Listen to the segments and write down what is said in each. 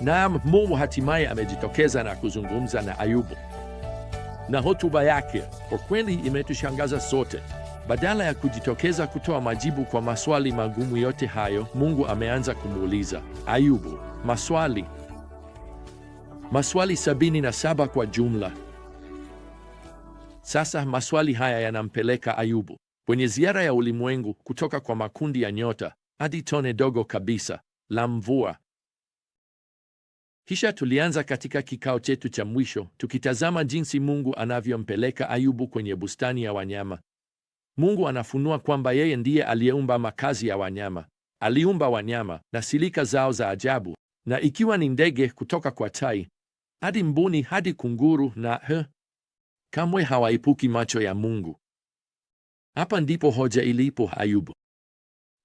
Naam, Mungu hatimaye amejitokeza na kuzungumza na Ayubu, na hotuba yake kwa kweli imetushangaza sote. Badala ya kujitokeza kutoa majibu kwa maswali magumu yote hayo, Mungu ameanza kumuuliza Ayubu maswali maswali sabini na saba kwa jumla. Sasa maswali haya yanampeleka Ayubu kwenye ziara ya ulimwengu, kutoka kwa makundi ya nyota hadi tone dogo kabisa la mvua. Kisha tulianza katika kikao chetu cha mwisho tukitazama jinsi Mungu anavyompeleka Ayubu kwenye bustani ya wanyama. Mungu anafunua kwamba yeye ndiye aliyeumba makazi ya wanyama. Aliumba wanyama na silika zao za ajabu, na ikiwa ni ndege kutoka kwa tai hadi mbuni hadi kunguru na he, kamwe hawaipuki macho ya Mungu. Hapa ndipo hoja ilipo, Ayubu,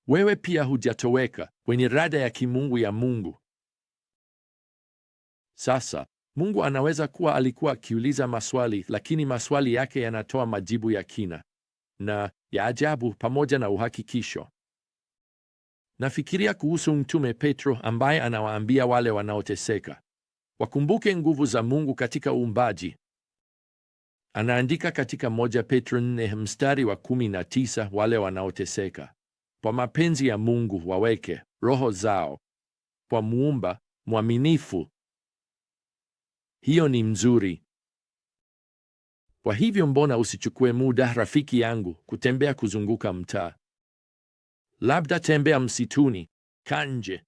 wewe pia hujatoweka kwenye rada ya kimungu ya Mungu. Sasa Mungu anaweza kuwa alikuwa akiuliza maswali, lakini maswali yake yanatoa majibu ya kina na ya ajabu pamoja na uhakikisho. Nafikiria kuhusu Mtume Petro ambaye anawaambia wale wanaoteseka wakumbuke nguvu za Mungu katika uumbaji. Anaandika katika moja Petro nne mstari wa kumi na tisa wale wanaoteseka kwa mapenzi ya Mungu waweke roho zao kwa muumba mwaminifu hiyo ni mzuri. Kwa hivyo mbona usichukue muda, rafiki yangu, kutembea kuzunguka mtaa? Labda tembea msituni, kanje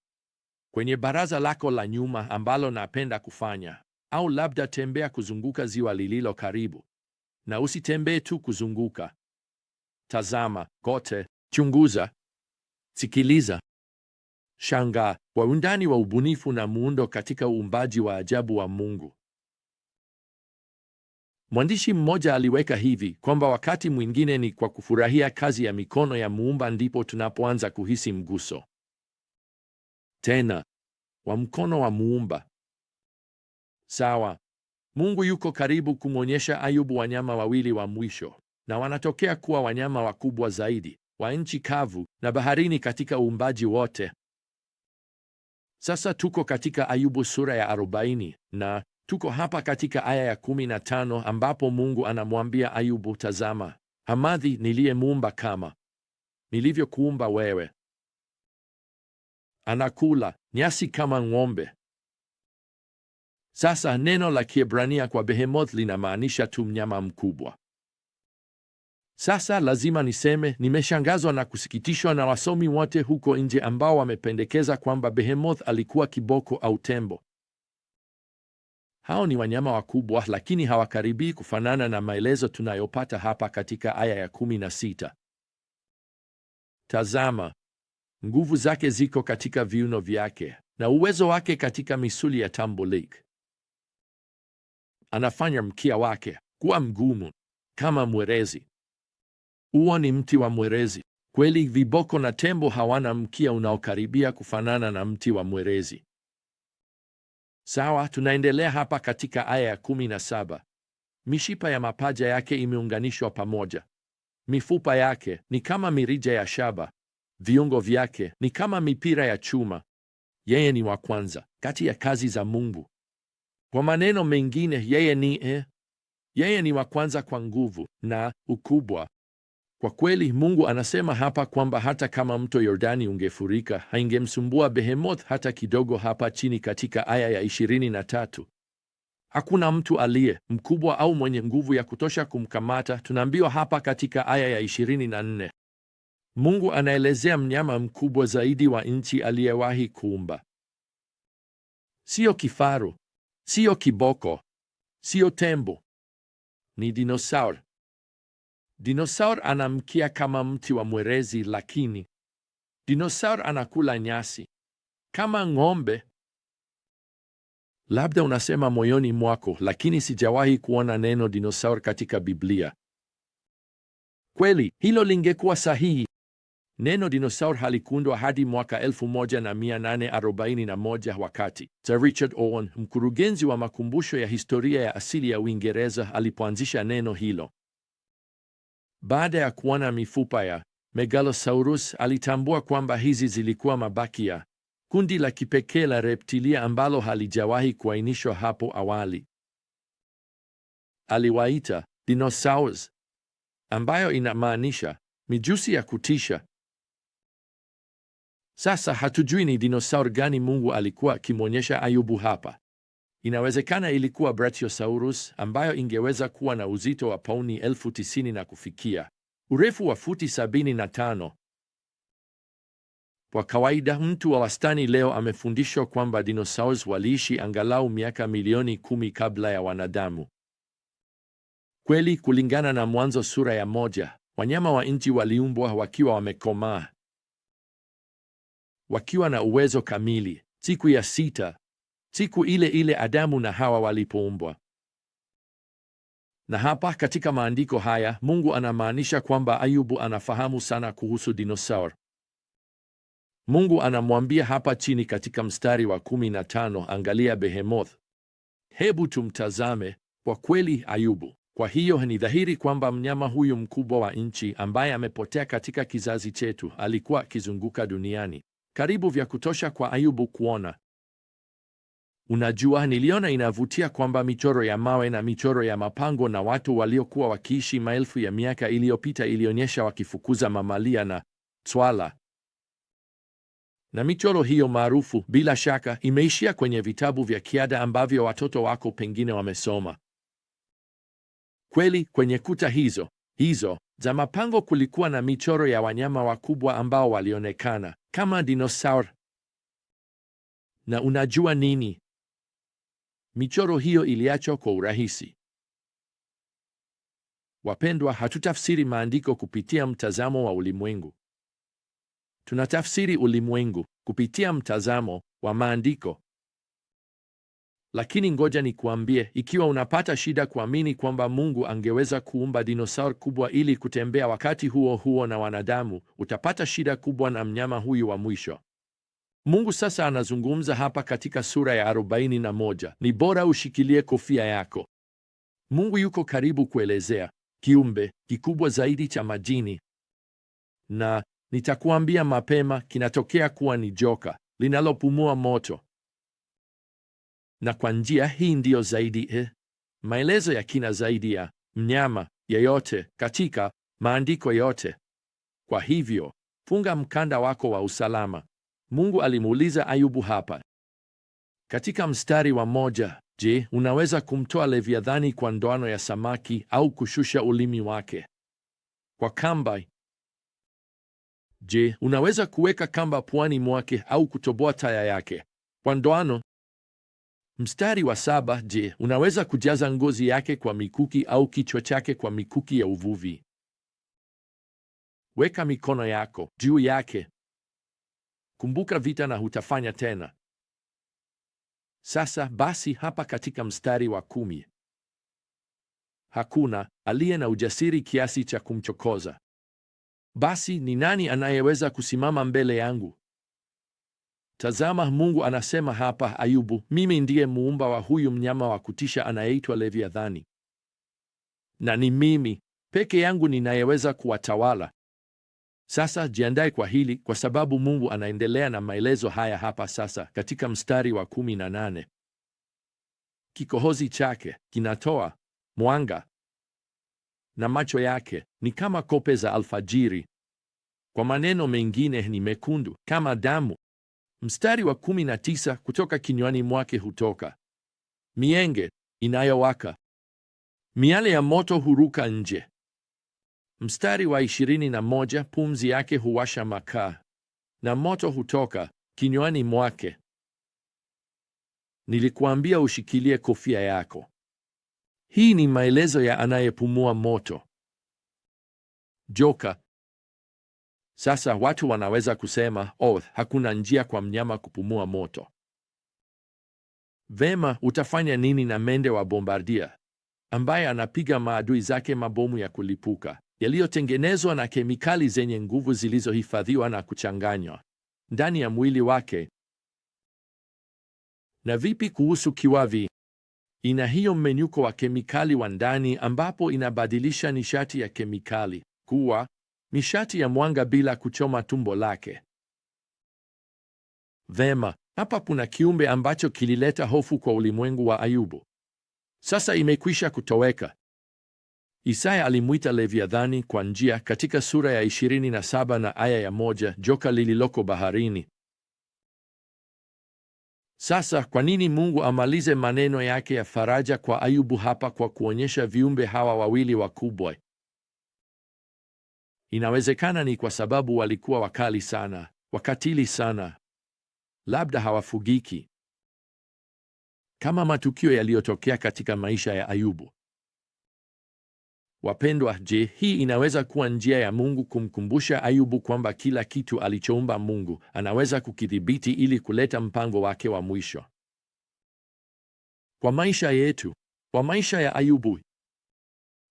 kwenye baraza lako la nyuma ambalo napenda kufanya, au labda tembea kuzunguka ziwa lililo karibu. Na usitembee tu kuzunguka, tazama kote, chunguza, sikiliza, shangaa kwa undani wa ubunifu na muundo katika uumbaji wa ajabu wa Mungu. Mwandishi mmoja aliweka hivi kwamba wakati mwingine ni kwa kufurahia kazi ya mikono ya Muumba ndipo tunapoanza kuhisi mguso tena wa mkono wa Muumba. Sawa, Mungu yuko karibu kumwonyesha Ayubu wanyama wawili wa mwisho, na wanatokea kuwa wanyama wakubwa zaidi wa nchi kavu na baharini katika uumbaji wote. Sasa tuko katika Ayubu sura ya 40 na Tuko hapa katika aya ya kumi na tano ambapo Mungu anamwambia Ayubu, tazama, Hamadhi niliyemuumba kama nilivyokuumba wewe, anakula nyasi kama ng'ombe. Sasa neno la Kiebrania kwa behemoth linamaanisha tu mnyama mkubwa. Sasa lazima niseme nimeshangazwa na kusikitishwa na wasomi wote huko nje ambao wamependekeza kwamba behemoth alikuwa kiboko au tembo hao ni wanyama wakubwa, lakini hawakaribii kufanana na maelezo tunayopata hapa katika aya ya kumi na sita. Tazama, nguvu zake ziko katika viuno vyake na uwezo wake katika misuli ya tambolik. Anafanya mkia wake kuwa mgumu kama mwerezi. Huo ni mti wa mwerezi kweli. Viboko na tembo hawana mkia unaokaribia kufanana na mti wa mwerezi. Sawa, tunaendelea hapa katika aya ya kumi na saba. Mishipa ya mapaja yake imeunganishwa pamoja, mifupa yake ni kama mirija ya shaba, viungo vyake ni kama mipira ya chuma. Yeye ni wa kwanza kati ya kazi za Mungu. Kwa maneno mengine, yeye ni eh, yeye ni wa kwanza kwa nguvu na ukubwa kwa kweli Mungu anasema hapa kwamba hata kama mto Yordani ungefurika haingemsumbua Behemoth hata kidogo. Hapa chini katika aya ya 23, hakuna mtu aliye mkubwa au mwenye nguvu ya kutosha kumkamata. Tunaambiwa hapa katika aya ya 24, Mungu anaelezea mnyama mkubwa zaidi wa nchi aliyewahi kuumba. Siyo kifaru, siyo kiboko, siyo tembo, ni dinosaur. Dinosaur mkia kama mti wa mwerezi, lakini dinosaur anakula nyasi kama ng'ombe. Labda unasema moyoni mwako, lakini sijawahi kuona neno dinosaur katika Biblia. Kweli, hilo lingekuwa sahihi. Neno dinosaur halikundwa hadi mwaka 1841 wakati Sir Richard Owen, mkurugenzi wa makumbusho ya historia ya asili ya Uingereza, alipoanzisha neno hilo. Baada ya kuona mifupa ya Megalosaurus, alitambua kwamba hizi zilikuwa mabaki ya kundi la kipekee la reptilia ambalo halijawahi kuainishwa hapo awali. Aliwaita dinosaurs, ambayo inamaanisha mijusi ya kutisha. Sasa hatujui ni dinosaur gani Mungu alikuwa akimwonyesha Ayubu hapa. Inawezekana ilikuwa Brachiosaurus ambayo ingeweza kuwa na uzito wa pauni elfu tisini na kufikia urefu wa futi sabini na tano. Kwa kawaida mtu wa wastani leo amefundishwa kwamba dinosaurs waliishi angalau miaka milioni kumi kabla ya wanadamu. Kweli, kulingana na Mwanzo sura ya moja, wanyama wa nchi waliumbwa wakiwa wamekomaa, wakiwa na uwezo kamili. Siku ya sita siku ile ile Adamu na Hawa walipoumbwa. Na hapa katika maandiko haya Mungu anamaanisha kwamba Ayubu anafahamu sana kuhusu dinosaur. Mungu anamwambia hapa chini katika mstari wa 15, angalia Behemoth, hebu tumtazame. Kwa kweli Ayubu, kwa hiyo ni dhahiri kwamba mnyama huyu mkubwa wa nchi ambaye amepotea katika kizazi chetu alikuwa akizunguka duniani karibu vya kutosha kwa Ayubu kuona Unajua, niliona inavutia kwamba michoro ya mawe na michoro ya mapango na watu waliokuwa wakiishi maelfu ya miaka iliyopita ilionyesha wakifukuza mamalia na swala, na michoro hiyo maarufu bila shaka imeishia kwenye vitabu vya kiada ambavyo watoto wako pengine wamesoma. Kweli, kwenye kuta hizo hizo za mapango kulikuwa na michoro ya wanyama wakubwa ambao walionekana kama dinosaur. Na unajua nini? Michoro hiyo iliachwa kwa urahisi. Wapendwa, hatutafsiri maandiko kupitia mtazamo wa ulimwengu. Tunatafsiri ulimwengu kupitia mtazamo wa maandiko. Lakini ngoja nikuambie, ikiwa unapata shida kuamini kwamba Mungu angeweza kuumba dinosaur kubwa ili kutembea wakati huo huo na wanadamu, utapata shida kubwa na mnyama huyu wa mwisho. Mungu sasa anazungumza hapa katika sura ya 41, ni bora ushikilie kofia yako. Mungu yuko karibu kuelezea kiumbe kikubwa zaidi cha majini, na nitakuambia mapema, kinatokea kuwa ni joka linalopumua moto, na kwa njia hii ndiyo zaidi eh, maelezo ya kina zaidi ya mnyama yeyote katika maandiko yote. Kwa hivyo funga mkanda wako wa usalama Mungu alimuuliza Ayubu hapa katika mstari wa moja, je, unaweza kumtoa Leviathani kwa ndoano ya samaki au kushusha ulimi wake kwa kamba? Je, unaweza kuweka kamba puani mwake au kutoboa taya yake kwa ndoano? Mstari wa saba, je, unaweza kujaza ngozi yake kwa mikuki au kichwa chake kwa mikuki ya uvuvi? Weka mikono yako juu yake Kumbuka vita na hutafanya tena. Sasa basi, hapa katika mstari wa kumi, hakuna aliye na ujasiri kiasi cha kumchokoza. Basi ni nani anayeweza kusimama mbele yangu? Tazama, Mungu anasema hapa, Ayubu, mimi ndiye muumba wa huyu mnyama wa kutisha anayeitwa Leviathani, na ni mimi peke yangu ninayeweza kuwatawala. Sasa jiandae kwa hili, kwa sababu Mungu anaendelea na maelezo haya hapa sasa katika mstari wa kumi na nane kikohozi chake kinatoa mwanga na macho yake ni kama kope za alfajiri. Kwa maneno mengine, ni mekundu kama damu. Mstari wa kumi na tisa, kutoka kinywani mwake hutoka mienge inayowaka, miale ya moto huruka nje Mstari wa ishirini na moja, pumzi yake huwasha makaa na moto hutoka kinywani mwake. Nilikuambia ushikilie kofia yako. Hii ni maelezo ya anayepumua moto. Joka. Sasa watu wanaweza kusema oh, hakuna njia kwa mnyama kupumua moto. Vema, utafanya nini na mende wa bombardia ambaye anapiga maadui zake mabomu ya kulipuka? yaliyotengenezwa na kemikali zenye nguvu zilizohifadhiwa na kuchanganywa ndani ya mwili wake. Na vipi kuhusu kiwavi? Ina hiyo mmenyuko wa kemikali wa ndani ambapo inabadilisha nishati ya kemikali kuwa nishati ya mwanga bila kuchoma tumbo lake. Vema, hapa kuna kiumbe ambacho kilileta hofu kwa ulimwengu wa Ayubu. Sasa imekwisha kutoweka Isaya alimwita Leviathani kwa njia katika sura ya 27 na aya ya moja, joka lililoko baharini. Sasa kwa nini Mungu amalize maneno yake ya faraja kwa Ayubu hapa kwa kuonyesha viumbe hawa wawili wakubwa? Inawezekana ni kwa sababu walikuwa wakali sana, wakatili sana, labda hawafugiki kama matukio yaliyotokea katika maisha ya Ayubu. Wapendwa, je, hii inaweza kuwa njia ya Mungu kumkumbusha Ayubu kwamba kila kitu alichoumba Mungu anaweza kukidhibiti ili kuleta mpango wake wa mwisho kwa maisha yetu, kwa maisha ya Ayubu?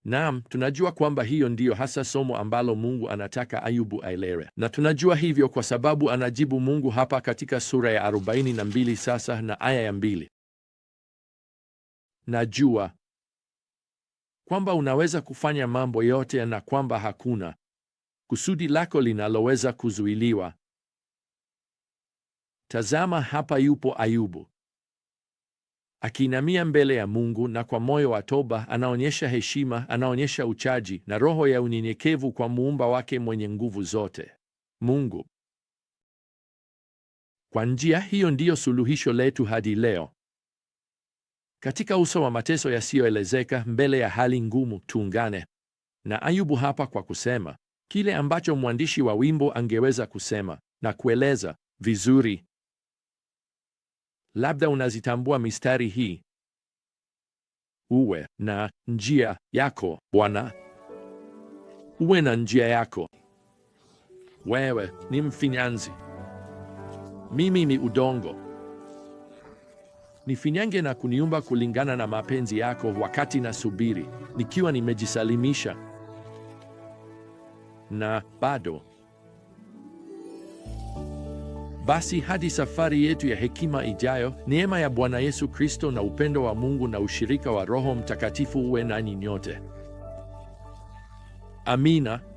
Naam, tunajua kwamba hiyo ndiyo hasa somo ambalo Mungu anataka Ayubu aelewe, na tunajua hivyo kwa sababu anajibu Mungu hapa katika sura ya 42 sasa na aya ya 2: najua kwamba unaweza kufanya mambo yote na kwamba hakuna kusudi lako linaloweza kuzuiliwa. Tazama, hapa yupo Ayubu akiinamia mbele ya Mungu na kwa moyo wa toba anaonyesha heshima, anaonyesha uchaji na roho ya unyenyekevu kwa muumba wake mwenye nguvu zote, Mungu. Kwa njia hiyo ndiyo suluhisho letu hadi leo. Katika uso wa mateso yasiyoelezeka, mbele ya hali ngumu, tuungane na Ayubu hapa kwa kusema kile ambacho mwandishi wa wimbo angeweza kusema na kueleza vizuri. Labda unazitambua mistari hii: uwe na njia yako Bwana, uwe na njia yako. Wewe ni mfinyanzi, mimi ni udongo nifinyange na kuniumba kulingana na mapenzi yako, wakati nasubiri nikiwa nimejisalimisha na bado basi hadi safari yetu ya hekima ijayo, neema ya Bwana Yesu Kristo na upendo wa Mungu na ushirika wa Roho Mtakatifu uwe nanyi nyote. Amina.